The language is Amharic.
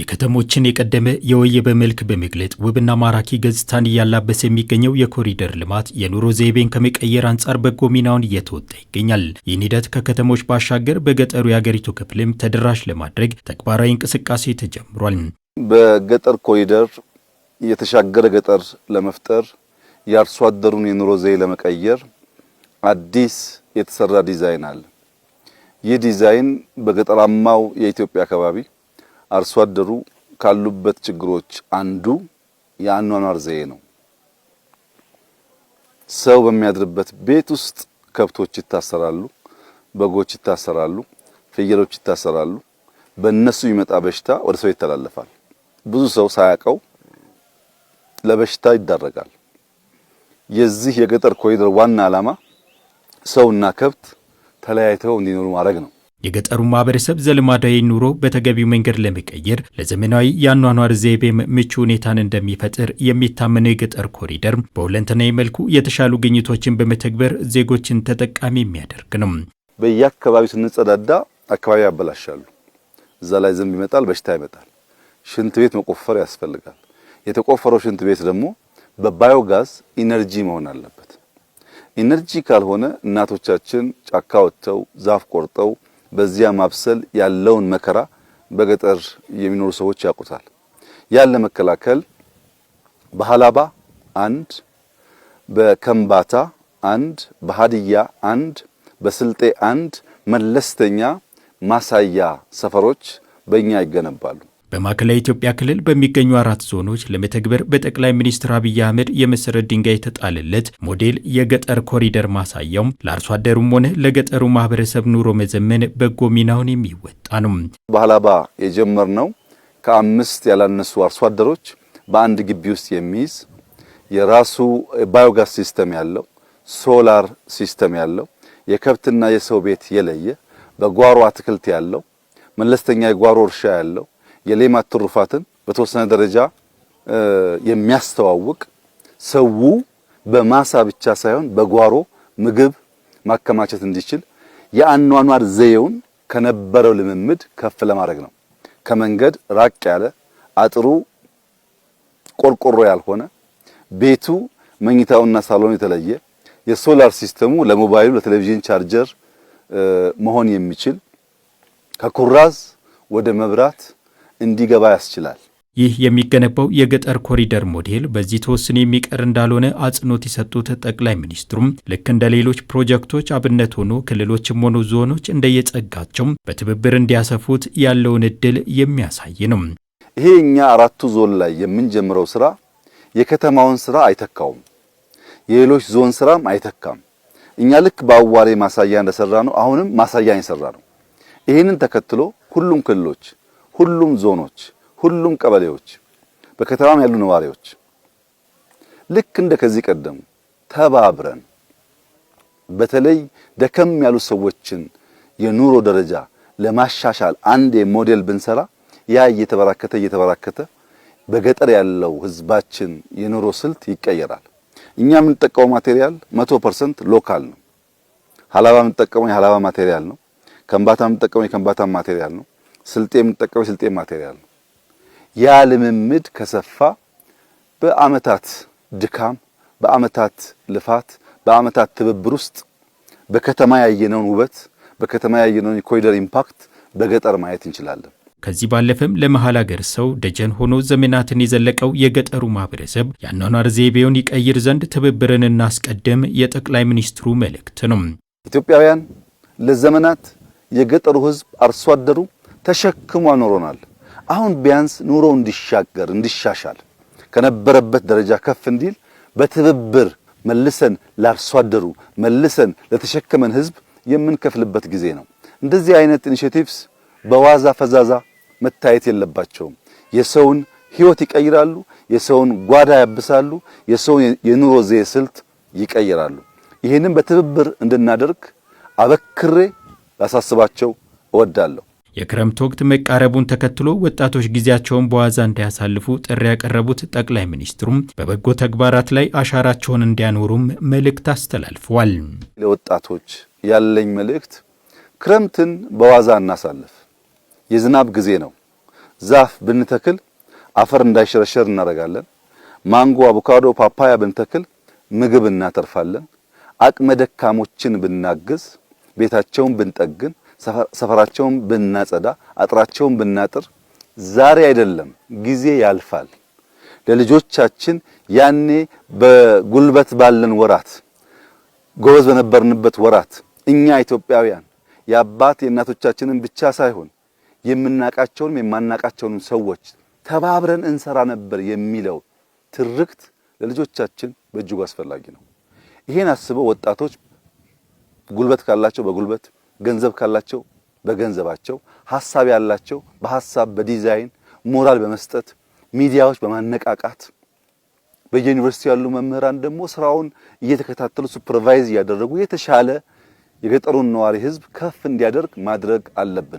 የከተሞችን የቀደመ የወየበ መልክ በመግለጥ ውብና ማራኪ ገጽታን እያላበሰ የሚገኘው የኮሪደር ልማት የኑሮ ዘይቤን ከመቀየር አንጻር በጎ ሚናውን እየተወጣ ይገኛል። ይህን ሂደት ከከተሞች ባሻገር በገጠሩ የአገሪቱ ክፍልም ተደራሽ ለማድረግ ተግባራዊ እንቅስቃሴ ተጀምሯል። በገጠር ኮሪደር የተሻገረ ገጠር ለመፍጠር የአርሶ አደሩን የኑሮ ዘዬ ለመቀየር አዲስ የተሰራ ዲዛይን አለ። ይህ ዲዛይን በገጠራማው የኢትዮጵያ አካባቢ አርሶ አደሩ ካሉበት ችግሮች አንዱ የአኗኗር ዘዬ ነው። ሰው በሚያድርበት ቤት ውስጥ ከብቶች ይታሰራሉ፣ በጎች ይታሰራሉ፣ ፍየሎች ይታሰራሉ። በእነሱ የሚመጣ በሽታ ወደ ሰው ይተላለፋል። ብዙ ሰው ሳያውቀው ለበሽታ ይዳረጋል። የዚህ የገጠር ኮሪደር ዋና ዓላማ ሰውና ከብት ተለያይተው እንዲኖሩ ማድረግ ነው። የገጠሩ ማህበረሰብ ዘልማዳዊ ኑሮ በተገቢው መንገድ ለመቀየር ለዘመናዊ የአኗኗር ዘይቤም ምቹ ሁኔታን እንደሚፈጥር የሚታመነው የገጠር ኮሪደር በሁለንተናዊ መልኩ የተሻሉ ግኝቶችን በመተግበር ዜጎችን ተጠቃሚ የሚያደርግ ነው። በየአካባቢው ስንጸዳዳ አካባቢ ያበላሻሉ። እዛ ላይ ዝንብ ይመጣል፣ በሽታ ይመጣል። ሽንት ቤት መቆፈር ያስፈልጋል። የተቆፈረው ሽንት ቤት ደግሞ በባዮጋዝ ኢነርጂ መሆን አለበት። ኢነርጂ ካልሆነ እናቶቻችን ጫካ ወጥተው ዛፍ ቆርጠው በዚያ ማብሰል ያለውን መከራ በገጠር የሚኖሩ ሰዎች ያውቁታል። ያን ለመከላከል በሀላባ አንድ፣ በከምባታ አንድ፣ በሀዲያ አንድ፣ በስልጤ አንድ መለስተኛ ማሳያ ሰፈሮች በእኛ ይገነባሉ። በማዕከላዊ ኢትዮጵያ ክልል በሚገኙ አራት ዞኖች ለመተግበር በጠቅላይ ሚኒስትር አብይ አህመድ የመሰረት ድንጋይ የተጣለለት ሞዴል የገጠር ኮሪደር ማሳያውም ለአርሶ አደሩም ሆነ ለገጠሩ ማህበረሰብ ኑሮ መዘመን በጎ ሚናውን የሚወጣ ነው። በሀላባ የጀመርነው ከአምስት ያላነሱ አርሶ አደሮች በአንድ ግቢ ውስጥ የሚይዝ የራሱ ባዮጋስ ሲስተም ያለው ሶላር ሲስተም ያለው የከብትና የሰው ቤት የለየ በጓሮ አትክልት ያለው መለስተኛ የጓሮ እርሻ ያለው የሌማት ትሩፋትን በተወሰነ ደረጃ የሚያስተዋውቅ ሰው በማሳ ብቻ ሳይሆን በጓሮ ምግብ ማከማቸት እንዲችል የአኗኗር ዘዬውን ከነበረው ልምምድ ከፍ ለማድረግ ነው። ከመንገድ ራቅ ያለ አጥሩ ቆርቆሮ ያልሆነ ቤቱ መኝታውና ሳሎን የተለየ የሶላር ሲስተሙ ለሞባይሉ ለቴሌቪዥን ቻርጀር መሆን የሚችል ከኩራዝ ወደ መብራት እንዲገባ ያስችላል። ይህ የሚገነባው የገጠር ኮሪደር ሞዴል በዚህ ተወስኖ የሚቀር እንዳልሆነ አጽንኦት የሰጡት ጠቅላይ ሚኒስትሩም ልክ እንደ ሌሎች ፕሮጀክቶች አብነት ሆኖ ክልሎችም ሆኑ ዞኖች እንደየጸጋቸው በትብብር እንዲያሰፉት ያለውን እድል የሚያሳይ ነው። ይሄ እኛ አራቱ ዞን ላይ የምንጀምረው ስራ የከተማውን ስራ አይተካውም፣ የሌሎች ዞን ስራም አይተካም። እኛ ልክ በአዋሬ ማሳያ እንደሰራ ነው አሁንም ማሳያ የሰራ ነው። ይህንን ተከትሎ ሁሉም ክልሎች ሁሉም ዞኖች፣ ሁሉም ቀበሌዎች፣ በከተማም ያሉ ነዋሪዎች ልክ እንደ ከዚህ ቀደሙ ተባብረን በተለይ ደከም ያሉ ሰዎችን የኑሮ ደረጃ ለማሻሻል አንዴ ሞዴል ብንሰራ ያ እየተበራከተ እየተበራከተ በገጠር ያለው ህዝባችን የኑሮ ስልት ይቀየራል። እኛ የምንጠቀመው ማቴሪያል 100% ሎካል ነው። ሀላባ የምንጠቀመው የሀላባ ማቴሪያል ነው። ከምባታ የምንጠቀመው የከምባታ ማቴሪያል ነው። ስልጤ የምንጠቀመው የስልጤ ማቴሪያል ነው። ያ ልምምድ ከሰፋ በአመታት ድካም፣ በአመታት ልፋት፣ በአመታት ትብብር ውስጥ በከተማ ያየነውን ውበት፣ በከተማ ያየነውን የኮሪደር ኢምፓክት በገጠር ማየት እንችላለን። ከዚህ ባለፈም ለመሀል አገር ሰው ደጀን ሆኖ ዘመናትን የዘለቀው የገጠሩ ማህበረሰብ የአኗኗር ዘይቤውን ይቀይር ዘንድ ትብብርን እናስቀድም የጠቅላይ ሚኒስትሩ መልእክት ነው። ኢትዮጵያውያን ለዘመናት የገጠሩ ህዝብ አርሶ አደሩ ተሸክሞ አኖሮናል። አሁን ቢያንስ ኑሮ እንዲሻገር እንዲሻሻል ከነበረበት ደረጃ ከፍ እንዲል በትብብር መልሰን ላርሶ አደሩ መልሰን ለተሸከመን ህዝብ የምንከፍልበት ጊዜ ነው። እንደዚህ አይነት ኢኒሼቲቭስ በዋዛ ፈዛዛ መታየት የለባቸውም። የሰውን ህይወት ይቀይራሉ፣ የሰውን ጓዳ ያብሳሉ፣ የሰውን የኑሮ ዘዬ ስልት ይቀይራሉ። ይህንም በትብብር እንድናደርግ አበክሬ ላሳስባቸው እወዳለሁ። የክረምት ወቅት መቃረቡን ተከትሎ ወጣቶች ጊዜያቸውን በዋዛ እንዲያሳልፉ ጥሪ ያቀረቡት ጠቅላይ ሚኒስትሩም በበጎ ተግባራት ላይ አሻራቸውን እንዲያኖሩም መልእክት አስተላልፈዋል። ለወጣቶች ያለኝ መልእክት ክረምትን በዋዛ እናሳልፍ። የዝናብ ጊዜ ነው። ዛፍ ብንተክል አፈር እንዳይሸረሸር እናደርጋለን። ማንጎ፣ አቮካዶ፣ ፓፓያ ብንተክል ምግብ እናተርፋለን። አቅመ ደካሞችን ብናግዝ ቤታቸውን ብንጠግን ሰፈራቸውን ብናጸዳ፣ አጥራቸውን ብናጥር ዛሬ አይደለም ጊዜ ያልፋል። ለልጆቻችን ያኔ በጉልበት ባለን ወራት ጎበዝ በነበርንበት ወራት እኛ ኢትዮጵያውያን የአባት የእናቶቻችንን ብቻ ሳይሆን የምናቃቸውንም የማናቃቸውንም ሰዎች ተባብረን እንሰራ ነበር የሚለው ትርክት ለልጆቻችን በእጅጉ አስፈላጊ ነው። ይሄን አስበው ወጣቶች ጉልበት ካላቸው በጉልበት ገንዘብ ካላቸው በገንዘባቸው፣ ሀሳብ ያላቸው በሀሳብ በዲዛይን ሞራል በመስጠት ሚዲያዎች በማነቃቃት በየዩኒቨርሲቲ ያሉ መምህራን ደግሞ ስራውን እየተከታተሉ ሱፐርቫይዝ እያደረጉ የተሻለ የገጠሩን ነዋሪ ህዝብ ከፍ እንዲያደርግ ማድረግ አለብን።